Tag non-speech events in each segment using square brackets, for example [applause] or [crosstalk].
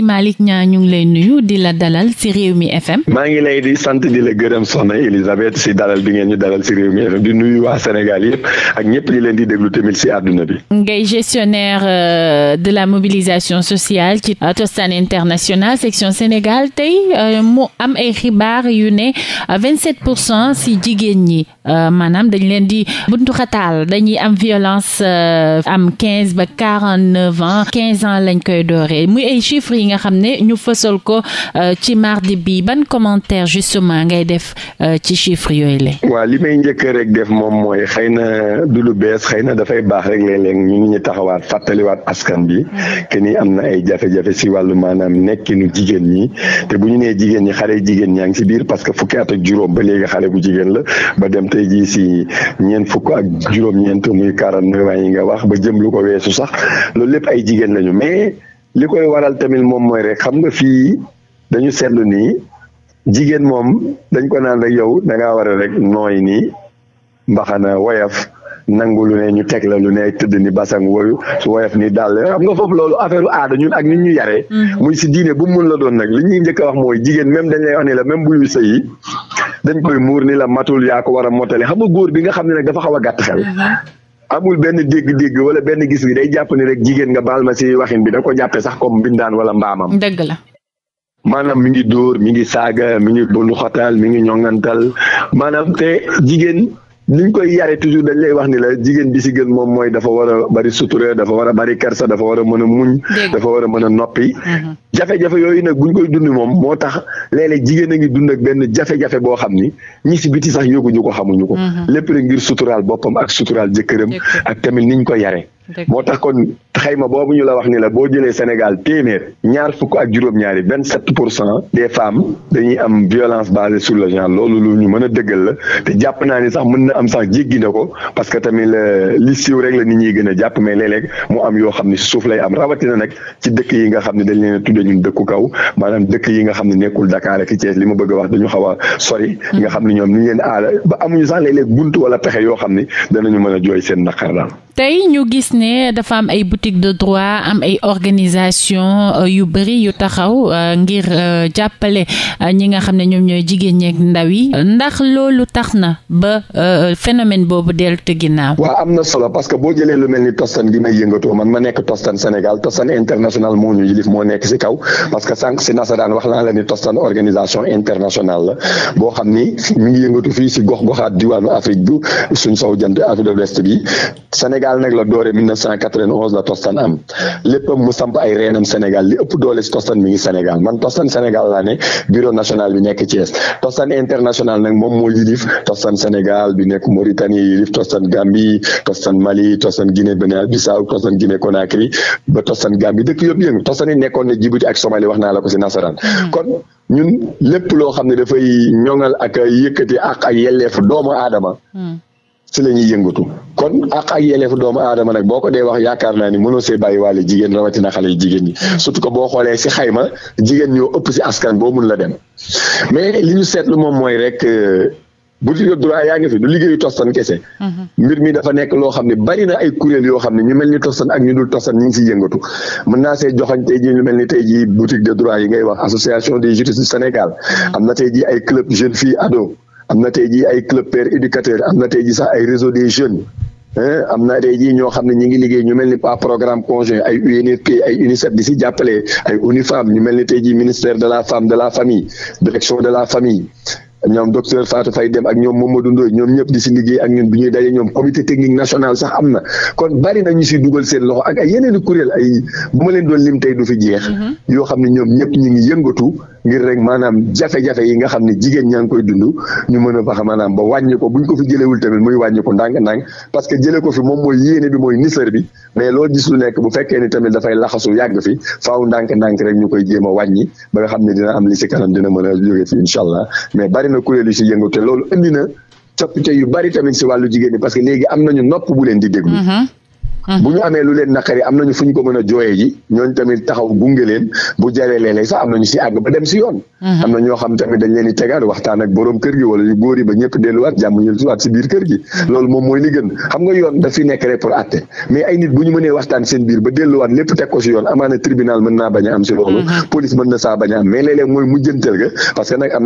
Malick Niang ñu ngi lay nuyu di la dalal ci Rewmi FM. maa ngi lay di sant di la gërëm soxna Elisabeth si dalal bi ngeen ñu dalal si Rewmi FM di nuyu waa Sénégal yëpp ak ñëpp ñi leen di déglu tamit ci àdduna bi. ngay gestionnaire euh, de la mobilisation sociale ci Tostan International section Sénégal tey euh, mu am ay xibaar yu ne vingt sept pour cent ci jigéen ñi. Euh, maanaam dañ leen di buntu xataal dañuy am violence euh, am quinze ba quarante neuf ans quinze ans lañ koy dooree mu ay chiffres yi nga xam ne ñu fësal ko euh, ci mardi bi ban commentaire justement ngay def ci chiffres yooyu la. waaw li may njëkk rek def moom mooy xëy na du lu bees xëy na dafay baax rek léeg ñu ngi ñu taxawaat fàttaliwaat askan bi que ni am na ay jafe-jafe si wàllu maanaam nekkinu jigéen ñi te bu ñu nee jigéen ñi xale jigéen ñaa ngi si biir parce que fukki at ak ba léegi xale bu jigéen la tey jii si ñeent fukk ak juróom-ñeent muy quarante neuf yi nga wax ba jëm lu ko weesu sax loolu lépp ay jigéen lañu mais li koy waral tamit moom mooy rek xam nga fii dañu seetlu nii jigéen moom dañ ko naan rek yow da ngaa war rek nooy nii mbaxana woyaf nangu lu ne ñu teg la lu ne tëdd ni basang woyu su woyof ni daal xam nga foofu loolu affaire aada ñun ak nit ñu yaree. Mm-hmm. muy si diine bu mu mun la doon nag li ñuy njëkk a wax mooy jigéen même dañ lay wax ni la même dañ koy muur ni la matul yaa ko war a motale xam nga góor bi nga xam ne nag dafa xaw a gàtt xel. amul benn dégg-dégg wala benn gis bi day jàpp ni rek jigéen nga baal ma si waxin bi da ko jàppee sax comme bindaan wala mbaamam. dëgg la. maanaam mi ngi dóor mi ngi saaga mi ngi bulu xotaal mi ngi ñoŋantal maanaam te jigéen ni ñu koy yare toujours dañ lay wax ni la jigéen bi si gën moom mooy dafa war a bari sutura dafa war a bari kersa dafa war a mën a muñ dafa war a mën a noppi mhm. jafe-jafe yooyu nag buñ koy dund moom moo tax léeg jigéen a ngi dund ak benn jafe-jafe boo xam ni ñi si biti sax yëguñu ko xamuñu ko mhm. lépp rek ngir suturaal boppam ak suturaal jëkkëram ak tamit niñ ko yare moo tax kon xayma boobu ñu la wax ni la boo jëlee Sénégal téeméer ñaar fukk ak juróom-ñaari vingt sept pour cent des femmes dañuy am violence basée sur le genre loolu lu ñu mën a dëggal la te jàpp naa ni sax mën na am sax jéggi na ko parce que tamit li siiw rek la nit ñi gën a jàpp mais léeg-léeg mu am yoo xam ne suuf lay am rawatina nag ci dëkk yi nga xam ne dañ leen a tudde ñun dëkku kaw maanaam dëkk yi nga xam ne nekkul Dakar ak Thiès li ma bëgg a wax dañu xaw a sori mm. nga xam ne ñoom ñu leen aala ba amuñu sax léeg-léeg wala pexe yoo xam ne danañu mën a jooy seen naqar daal tey ñu gis ne dafa am ay boutique de droit am ay organisation euh, yu bëri yu taxaw euh, ngir euh, jàppale ñi nga xam ne ñoom ñooy jigéen ñeek ndaw yi ndax loolu tax na ba phénomène boobu deltu ginnaaw. waa am na solo parce que boo jëlee lu mel ni tostan gi may yëngatoo man ma nekk tostan Sénégal tostan international moo ñu yilif moo nekk si kaw parce que sànq si nasaraan wax naa la ni tostan organisation international la boo xam ni mu ngi yëngatu fii si gox goxaat diwaanu Afrique bi suñ sow jant Afrique de bi Sénégal nag la doore 1991 la Tostan am léppam mu samp ay reenam Sénégal li ëpp doole si Tostan mi Sénégal man Tostan Sénégal laa bureau national bi nekk Thiès Tostan international nag moom moo yilif Tostan Sénégal bi nekk Mauritanie yilif Tostan Gambie Tostan Mali Tostan Guinée Bissau Tostan Guinée Conakry ba Tostan Gambie dëkk yëpp yëngu Tostan nekkoon ne Djibouti ak Somalie wax naa si nasaraan hmm. kon ñun lépp loo xam ne dafay ñoŋal si la ñuy yëngatu kon ak ak yelleefu doomu aadama nag boo ko dee wax yaakaar naa ni mënoo see bàyyi waale jigéen rawatina xale yi jigéen ñi surtout que boo xoolee si xayma jigéen ñoo ëpp si askan boo mun la dem mais li ñu seetlu moom mooy rek euh, bu di droit yaa ngi fi du liggéeyu tostan kese. Mhm. mbir mi dafa nekk loo xam ne bari na ay kuréel yoo xam ne ñu mel ni tostan ak ñu dul tostan ñu ngi siy yëngatu mën naa see joxañ tey jii ñu mel ni tey jii boutique de droit wax association des juristes du Sénégal mhm. am na tey jii ay club jeunes filles am na tey jii ay club père éducateur am na tey sax ay réseau des jeunes am na tey ñoo xam ne ñu ngi liggéey ñu mel ni pas programme conjoint ay UNIP ay UNICEF di si jàppale ñu mel ni tey jii ministère de la femme de la famille direction de la famille ñoom docteur Fatou Faye Dem ak ñoom Mamadou Ndoye ñoom ñëpp di si liggéey ak ñun bu ñuy daje ñoom comité technique national sax am na kon bari na ñu si dugal seen loxo ak ay yeneen i kuréel ay bu ma leen doon lim tey du fi jeex. Mm-hmm. yoo xam ne ñoom ñëpp ñu ngi yëngatu. ngir rek maanaam jafe-jafe yi nga xam ne jigéen ñaa ngi koy dund ñu mën a faxa maanaam ba wàññi ko buñ ko fi jëlewul tamit muy wàññi ko ndànk parce que jële ko fi moom mooy yéene bi mooy nisar bi mais loo gis lu nekk bu fekkee ni tamit dafay laxasu yàgg fi faw ndànk-ndànk rek ñu koy jéem a wàññi ba nga xam ne dina am li si kanam dina mën a jóge fi incha allah mais bari na kuréel yu si yëngu te loolu indi na coppite yu bari tamit si wàllu jigéen ñi parce que léegi am nañu nopp bu leen di déglu mm-hmm. bu ñu mhm. amee lu leen naqari am nañu fu ñu ko mën a jooyee ji ñooñu tamit taxaw gunge leen bu jaree léeg-léeg sax am nañu si àgg ba dem si yoon mhm. am na ñoo xam tamit dañ leen di tegaat waxtaan ak borom kër gi wala ñu góor yi ba ñëpp delluwaat jàmm si biir mhm. moom mooy li gën xam nga yoon daf fi nekk ñu mënee waxtaan seen biir ba delluwaat lépp teg ko si yoon amaana tribunal mën a am si loolu police mën na saa bañ a am mais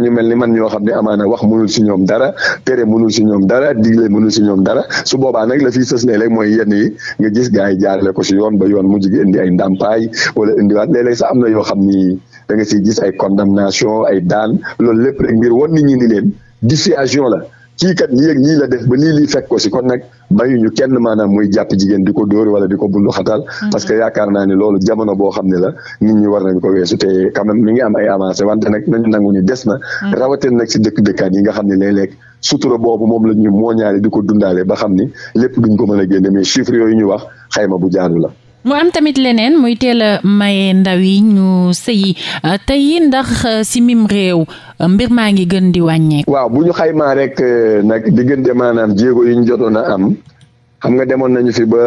ñu mel ni man ñoo xam ne amaana wax mënul si ñoom dara tere mënul si ñoom dara digle mënul si ñoom dara su boobaa nag la fiy sës léeg-léeg mooy yenn yi nga gis gars yi jaarale ko si yoon ba yoon mujj gi indi ay ndàmpaay wala indiwaat léeg sax am na yoo xam ni da nga siy gis ay condamnation ay daan loolu lépp rek ngir wan nit ñi ni leen dissuasion la kii kat nii la def ba nii lii fekk ko si kon nag bayuñu kenn maanaam muy jàpp jigéen di ko dóor wala di ko bundu xatal. Mm-hmm. parce que yaakaar naa ne loolu jamono boo xam ne la nit ñi war nañ ko weesu te quand même mi ngi am ay avancé wante nag nañu nangu ni des na. Mm-hmm. rawatina nag si dëkk dëkkaan yi nga xam ne léeg-léeg sutura boobu moom la ñu mooñaale di ko dundaale ba xam ni lépp duñ ko mën a génne mais chiffre yooyu ñu wax xayma bu jaanu la. mu am tamit leneen muy teel a maye ndaw yi ñu sëyi euh, tey ndax euh, si mim réew euh, mbir maa ngi gën di wàññeeku. waaw bu ñu xaymaa rek nag diggante maanaam jéego yi ñu jotoon na am xam nga demoon nañu fi ba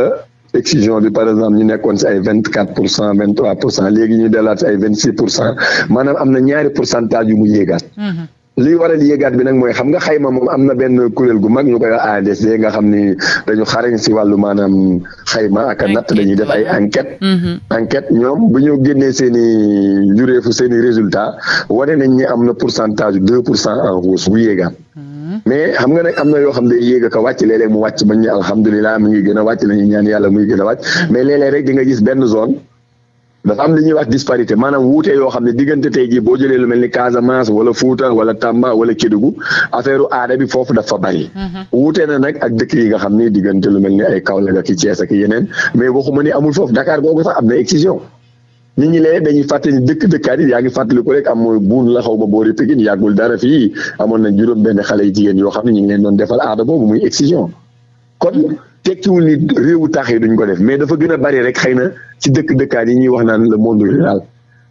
excision bi par exemple ñu nekkoon si ay vingt quatre pour cent vingt trois pour cent léegi ñu delaat si ay vingt six pour cent maanaam am na ñaari pourcentage yu mu yéegaat. Mm-hmm. li waral yéegaat bi nag mooy xam nga xayma moom am na benn kuréel gu mag ñu koy wax nga xam ni dañu xarañ si wàllu maanaam xayma ak natt dañuy def ay enquête mm-hmm. enquête ñoom bu ñu génnee seen i jureefu seen i résultat wane nañ ñi am na pourcentage deux pour cent en hausse bu yéegaat mm-hmm. mais xam nga nag am na yoo xam ne yéeg ak wàcc léeg-léeg mu wàcc bañ ñu alhamdulilah mu ngi gën a wàcc la ñuy ñaan yàlla muy gën a wàcc mm-hmm. mais léeg-léeg rek di nga gis benn zone dafa am li ñuy wax disparité maanaam wuute yoo xam ne diggante tey jii boo jëlee lu mel ni Casamance wala Fuuta wala Tamba wala Kédougou affaire aada bi foofu dafa bari. Mhm. wuute na nag ak dëkk yi nga xam ne diggante lu mel ni ay Kaolack ak Thiès ak yeneen mais waxuma ni amul foofu Dakar googu sax am na excision nit ñi lee dañuy fàttali dëkk dëkkaat yaa ngi fàttali ko rek am mooy buun la xaw ma boori Pikin yàggul dara fii amoon na juróom benn xale yu jigéen yoo xam ne ñu ngi leen doon defal aada boobu muy excision tekkiwul ni réewu taax yi duñ ko def mais dafa gën a bari rek xëy na ci dëkk dëkkaat yi ñuy wax naan le monde rural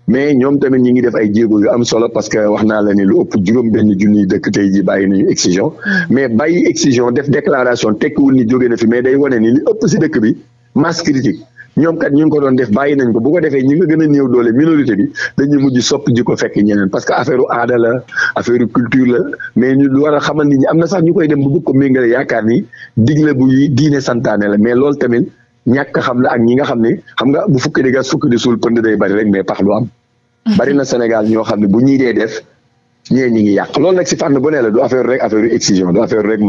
mais ñoom tamit ñu ngi def ay jéego yu am solo parce que wax naa la ni lu ëpp juróom benn junniy dëkk tey ji bàyyi nañu excision mm. mais bàyyi excision def déclaration tekkiwul ni jóge na fi mais day wane ni li ëpp si dëkk bi masse critique ñoom kat ñu ngi ko doon def bàyyi nañ ko bu ko defee ñi nga gën a néew doole minorité bi dañuy mujj sopp ji ko fekk ñeneen parce que affaire aada la affaire culture la mais ñu war a xamal nit ñi am na sax ñu koy dem bu bëgg ko méngale yaakaar ni la bu diine santaane la mais loolu tamit ñàkk xam la ak ñi nga xam ne xam nga bu fukki di gas fukki di suul pënd day bari rek mais pax du am [laughs] bari na Sénégal ñoo xam ne bu ñuy dee def ñee ñi ngi yàq loolu nag si fànn bu la du affaire rek affaire excision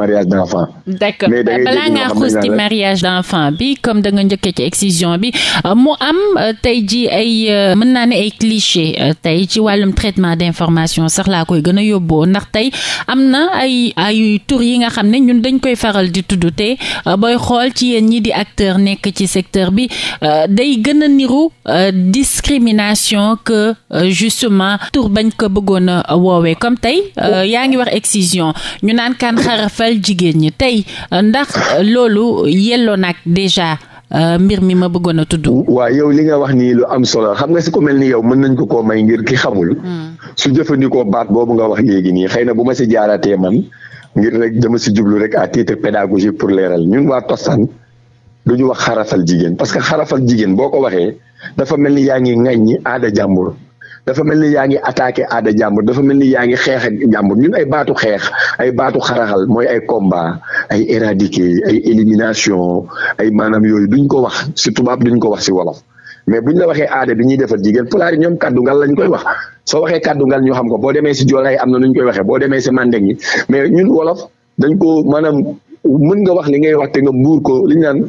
mariage d' enfant. d' accord balaa ngaa xuus ci mariage d' bi comme da nga njëkkee ci excision bi euh, mu am euh, tey ji ay euh, mën naa ne ay cliché tey ci wàllum traitement d' information sax laa koy gën a yóbboo ndax tey am na ay ay tur yi nga xam ne ñun dañ koy faral di tudd te booy xool ci yéen ñi di acteur nekk ci secteur bi day gën a niru discrimination que justement tur bañ ko bëggoon woo taxawee comme tey euh, oh. yaa ngi wax excision ñu naan kan xarafal jigéen ñi tey euh, ndax euh, loolu yelloo nag déjà mbir mi ma bëggoon a tudd. waaw yow li nga wax nii lu am solo xam nga si ku mel ni yow mën nañ ko koo may ngir ki xamul. Hmm. su jëfandikoo baat boobu nga wax léegi nii xëy na bu ma si jaaratee man ngir rek dama si jublu rek à titre pédagogique pour leeral ñun waa Tostan du ñu wax xarafal jigéen parce que xarafal jigéen boo ko waxee dafa mel ni yaa ngi ŋaññi aada jàmbur. dafa mel ni yaa ngi attaqué aada jàmbur dafa mel ni yaa ngi xeex ak jàmbur ñun ay baatu xeex ay baatu xaraxal mooy ay combat ay éradiquer ay élimination ay maanaam yooyu ñu ko wax si tubaab duñ ko wax si wolof mais buñ la waxee aada bi ñuy defal jigéen pulaar ñoom kaddu lañ koy wax soo waxee kaddu ñu xam ko boo demee si joolaay am na nuñ koy waxee boo demee si mandeng mais ñun wolof dañ ko maanaam mën nga wax li ngay wax te nga muur ko li ñu naan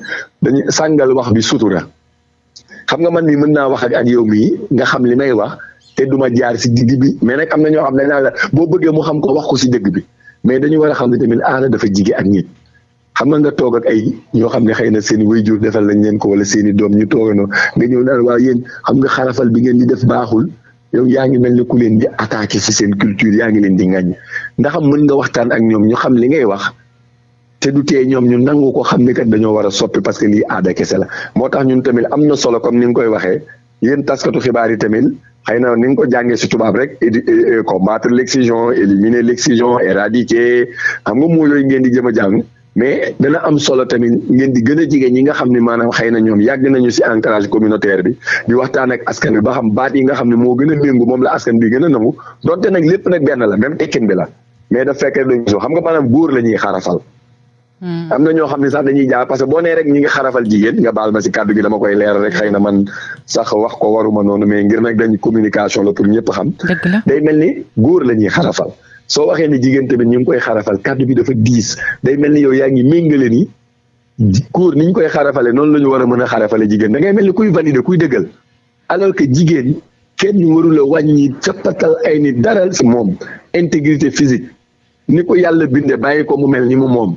dañuy sàngal wax bi sutura xam nga man mii mën naa wax ak ak yow mii nga xam li may wax te duma jaar si digg bi mais nag am na ñoo xam ne naan la boo bëggee mu xam ko wax ko si dëgg bi mais dañu war a xam ne tamit aada dafa jige ak nit xam nga nga toog ay ñoo xam ne xëy na seen waajur defal lañ leen ko wala seen i ñu toogandoo nga ñëw naan waaw yéen xam nga xarafal bi ngeen di def baaxul yow yaa ngi mel ni ku leen di attaqué si seen culture yaa ngi leen di ŋaññ ndax mën nga waxtaan ak ñoom ñu xam li ngay wax te du tee ñoom ñu nangu ko xam ni kat dañoo war a soppi parce que lii aada kese la moo tax ñun tamit am na solo comme ni nga koy waxee yéen taskatu xibaar yi tamit xëy na ni nga ko jàngee si tubaab rek combattre l'excision éliminer l'excision éradiquer xam nga moo yooyu ngeen di jëm a jàng mais dana am solo tamit ngeen di gën a jege ñi nga xam ni maanaam xëy na ñoom yàgg nañu si entrage communautaire bi di waxtaan ak askan bi ba xam baat yi nga xam ne moo gën a méngu moom la askan bi gën a nangu donte nag lépp nag benn la même tekkin bi la mais da fekkee dañu so xam nga maanaam góor la ñuy xarafal Hmm. am na ñoo xam ne sax dañuy jaar parce que boo nee rek ñi ngi xarafal jigéen nga baal ma si kàddu gi dama koy leer rek xëy na man sax wax ko waruma noonu mais ngir nag dañ communication la pour ñëpp xam. day mel ni góor la ñuy xarafal. soo waxee ni jigéen tamit ñu ngi koy xarafal kàddu bi dafa diis day mel ni yow yaa ngi méngale ni góor ni ñu koy xarafale noonu la ñu war a mën a xarafale jigéen da ngay mel ni kuy valider kuy dëggal alors que jigéen kenn warul a wàññi cappatal ay ni daral si moom intégrité physique ni ko yàlla bindee bàyyi ko mu mel ni mu moom.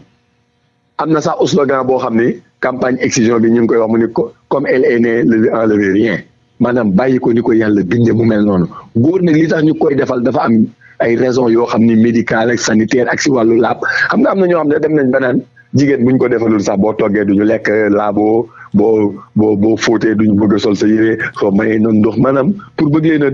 am na sax slogan boo xam ni campagne excision bi ñu ngi koy wax mu ni ko comme elle en née le enlever rien maanaam bàyyi ko ni ko yàlla bindee mu mel noonu góor nag li sax ñu koy defal dafa am ay raison yoo xam ni médical ak sanitaire ak si wàllu laab xam nga am na ñoo xam ne dem nañ banaan jigéen bu ñu ko defalul sax boo toggee duñu lekk laaboo boo boo boo fóotee duñu bëgg a sol sa yére soo mayee noonu ndox maanaam pour bëgg leen a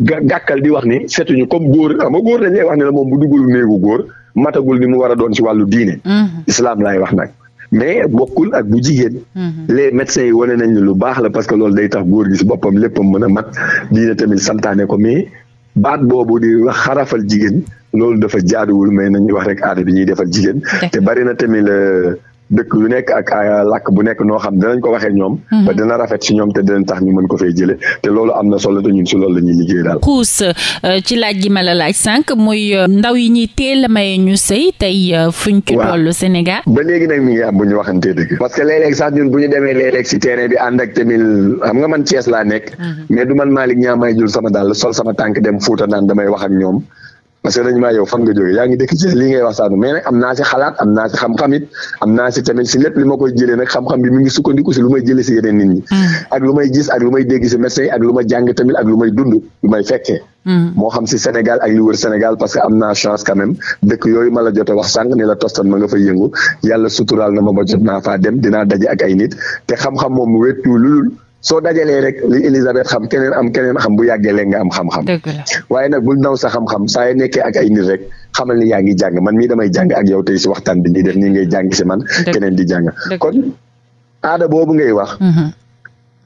gàkkal di wax ni setuñu comme góor ama góor dañ wax ne la moom bu duggul néegu góor matagul ni mu war a doon ci wàllu diine. Mhm. islam laay wax nag. mais bokkul ak bu jigéen. Mhm. les médecins yi wane nañ lu baax la parce que loolu day tax góor gi ci boppam léppam mën a mat diine tamit santaane ko mais baat boobu di wax xarafal jigéen loolu dafa jaaduwul mais nañuy wax rek aada bi ñuy defal jigéen. te bari na tamit dëkk yu nekk ak euh, làkk bu nekk noo xam dinañ ko waxee ñoom. Mhm. ba dina rafet ci ñoom te dinañ tax ñu mën ko fay jëlee te loolu am na solo te ñun ci loolu la ñuy liggéey daal. Euh, la laaj sànq euh, ndaw yi ñuy teel a maye ñu sëy tey fuñ ba léegi nag mi ngi am bu ñu waxantee dëgg. parce que léeg-léeg sax ñun bu nekk. Mhm. mais du man Malick ñaa jul sama daal sol sama tànk dem Fuuta naan damay wax ñoom. parce que dañu maa yow fan nga jógee yaa ngi dëkk ci lii ngay wax saanu am naa xalaat am naa xam-xam am naa tamit si lu may jëlee si yeneen nit ñi mm. ak lu may gis ak lu may dégg si médecin ak lu ma jàng tamit ak lu may dund lu may fekkee mm. moo xam si Sénégal ak li wër Sénégal parce que am naa chance quand même dëkk yooyu ma la jote wax sànq la tostan ma nga yëngu yàlla suturaal na ma ba jot naa faa dem dinaa daje ak ay nit te xam-xam moom soo dajalee rek li Elisabeth xam keneen am keneen xam bu yàggee léegi nga am xam-xam waaye nag bul naw sa xam-xam saa yoo nekkee ak ay nit rek xamal ni yaa ngi jàng man mii damay jàng ak yow tey si waxtaan bi ñuy def nii ngay jàng si man keneen di jàng kon aada boobu ngay wax mm-hmm.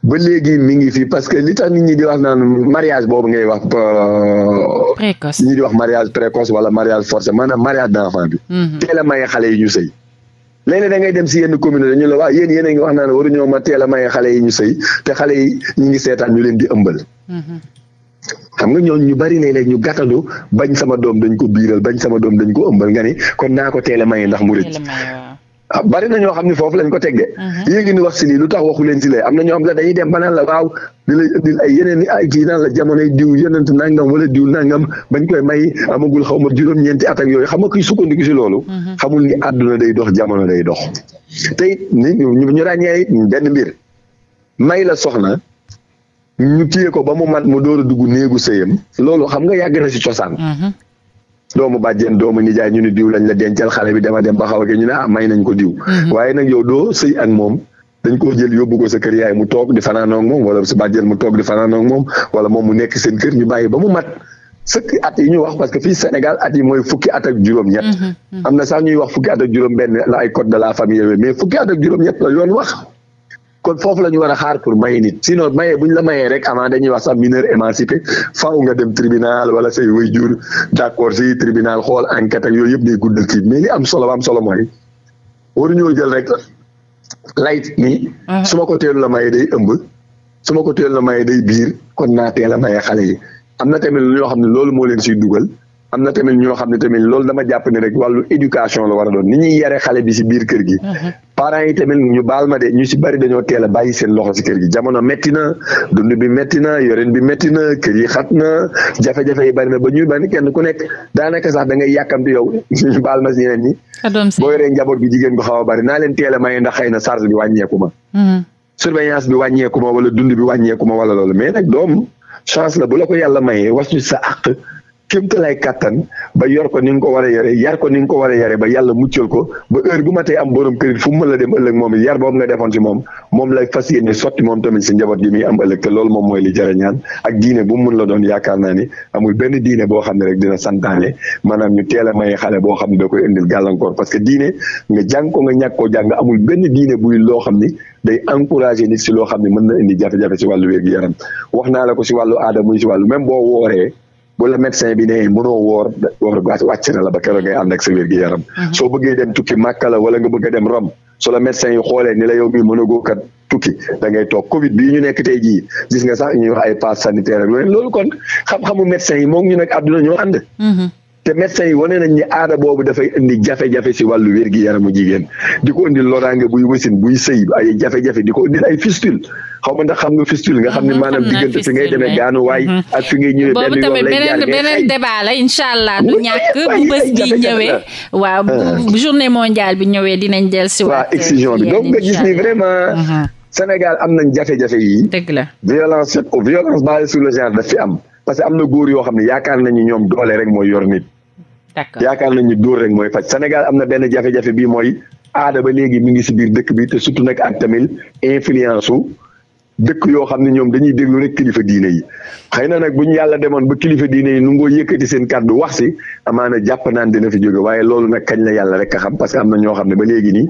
ba léegi mi ngi fi parce que li tax nit ñi di wax naan mariage boobu ngay wax euh, précoce di wax mariage précoce wala mariage forcé maanaam mariage d'enfant bi mm-hmm. teel xale yi ñu sëy léeg-léeg da ngay dem si yenn communes ñu la waa yéen yéen a ngi wax naan waruñoo ma teel a maye xale yi ñu sëy te xale yi ñu ngi seetaan ñu leen di ëmbal. xam nga ñooñu ñu bari léeg-léeg ñu gàttalu bañ sama doom dañ ko biiral bañ sama doom dañ ko ëmbal nga ni kon naa ko teel a maye ndax mu rëcc ah bari na ñoo xam ne foofu lañ ko teggee. Uh-huh. yéen ngi ni wax si lii lu tax waxu leen si lee am na ñoo xam ne dañuy dem ba naan la waaw di la indil ay yeneen i ay kii naan la jamonoy diw yenent nangam wala diw nangam bañ koy may amagul xaw ma juróom-ñeenti at yooyu xam nga kuy sukkandiku si loolu. Uh-huh. xamul ni àdduna day dox jamono day dox. te it ñu ñu ràññee it benn mbir may la soxna ñu téye ko ba mu mat mu door a dugg néegu sëyam loolu xam nga yàgg na si cosaan. Uh-huh. doomu bàjjen doomu nijaay ñu ni diw lañ la dencal xale bi dama dem ba xaw a ñu ne ah may nañ ko diw. Mhm. waaye nag yow doo sëy ak moom. dañ koo jël yóbbu ko sa kër yaay mu toog di fanaanoog moom wala si bàjjen mu toog di moom wala moom mu nekk seen kër ñu yi ba mu mat sëkk at yi ñu wax parce que fii Sénégal at yi mooy fukki at ak juróom-ñett. Mhm, mhm. am na sax ñuy wax fukki at ak juróom-benn la ay code de la famille mais fukki at ak juróom-ñett la yoon wax. kon foofu la ñu war a xaar pour may nit sinon maye bu ñu la mayee rek avant dañuy wax sax mineur émancipé faaw nga dem tribunal wala say waajur d'accord si tribunal xool enquête ak yooyu yëpp day guddal kii mais li am solo ba am solo mooy waruñoo jël rek layt ni su ma ko teelu la maye day ëmb su ma ko teelu la maye day biir kon naa teel a maye xale yi am na tamit lu ñoo xam ne loolu moo leen siy dugal am na tamit ñoo xam ne tamit loolu dama jàpp ne rek wàllu éducation la war a doon ni ñuy yare xale bi si biir kër gi. Uh-huh. parents yi tamit ñu baal ma de ñu si bari dañoo teel a bàyyi seen loxo ci kër gi jamono métti na dund bi métti na yorin bi métti na kër yi xat na jafe-jafe yi bari na ba ñuy bari kenn ku nekk daanaka sax da ngay yàkkamti yow [laughs] ñu baal ma si ñeneen ñi. boo yoree njaboot bi jigéen bu xaw a bari naa leen teel a maye ndax xëy na charge bi wàññeeku ma. Mm-hmm. surveillance bi wàññeeku ma wala bi wàññeeku wala loolu mais nag doom chance bu la ko yàlla mayee was ñu sa àq kéem lay kattan ba yor ko ni nga ko war a yore yar ko ni nga ko war a yore ba yàlla muccal ko ba heure bu ma tey am borom kër fu mu mën la dem ëllëg moom yar boobu nga defoon moom moom lay fas yéene sotti moom tamit si njaboot gi muy am ëllëg te loolu moom a ñaan ak diine bu mu mun yaakaar naa ni amul benn diine boo xam ne rek dina santaane maanaam ñu teel a maye xale boo xam ne da koy indil gàllankoor parce que diine nga jàng ko nga ñàkk koo jàng benn diine buy loo xam ni day encouragé nit si loo xam ne mën na indi jafe-jafe si wàllu wér-gu-yaram wax naa la ko si wàllu aada muy si wàllu même boo wooree bu la médecin bi ne mënoo woor woor wàcc na la ba keroog ngay ànd ak sa wér gi yaram mhm. soo bëggee dem tukki Màkka la wala nga bëgg a dem Rome su la médecin yi xoolee ni la yow mii a góo kat tukki da ngay toog Covid bii ñu nekk tey jii gis nga sax ñu wax ay pass sanitaire ak loolu kon xam-xamu médecin yi moom ñu nag àdduna ñoo ànd mhm. te médecins yi wane nañ ni aada boobu dafay indi jafe-jafe si wàllu wér-gi-yaramu jigéen di ko indil loraange buy wasin buy sëy ay jafe-jafe di ko indil ay fistule xaw ma ndax xam nga fistule nga xam ne mm-hmm. maanaam diggante fi ngay demee gaanuwaay mm-hmm. ak fi ngay ñëwee benn yoon lay jaar beneen débat la incha allah du ñàkk bu bés bi ñëwee waaw ah. journée mondiale bi ñëwee dinañ del si waa excision bi donc nga gis ni vraiment mm-hmm. Sénégal am nañ jafe-jafe yi dëgg la violence violence basée sur le genre daf fi am parce que am na góor yoo xam ne yaakaar nañu ñoom doole rek mooy yor nit d'accord yaakaar nañu dóor rek mooy faj Sénégal am na benn jafe-jafe bii mooy aada ba léegi mi ngi si biir dëkk bi te surtout nag at tamit influence su dëkk yoo xam ne ñoom dañuy déglu rek kilifa diine yi xay na nag buñ yàlla demoon ba kilifa diine yi nu ngoo yëkkati seen kàddu wax si amaana jàpp naan dina fi jóge waaye loolu na kañ la yàlla rek a xam parce que am na ñoo xam ne ba léegi nii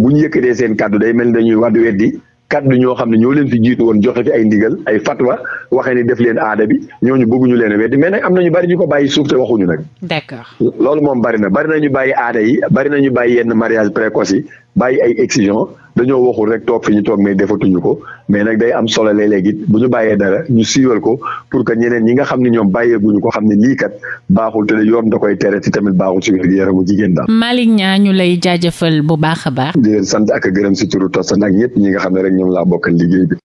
bu ñu yëkkatee seen kàddu day mel ni dañuy wàddu weddi kaddu ñoo xam ne ñoo leen fi jiitu woon joxe fi ay ndigal ay fatwa waxee ni def leen aada bi ñooñu bëgguñu leen a weddi mais nag am na ñu bari ñu ko bàyyi suuf te waxuñu nag. d'accord loolu moom bari na bari na ñu bàyyi aada yi bari na ñu bàyyi yenn mariage précoce yi bàyyi ay excision dañoo waxul rek toog fi ñu toog mais defatuñu ko mais nag day am solo léeg-léeg it bu ñu bàyyee dara ñu siiwal ko pour que ñeneen ñi nga xam ne ñoom bàyyeeguñu ko xam ne lii kat baaxul te yoon da koy tere ci tamit baaxul ci wér-gu-yaramu jigéen daal. Malick Niang ñu lay jaajëfal bu baax a baax. di leen sant ak gërëm si turu Tostan ak ñëpp ñi nga xam ne rek ñoom laa bokkal liggéey bi.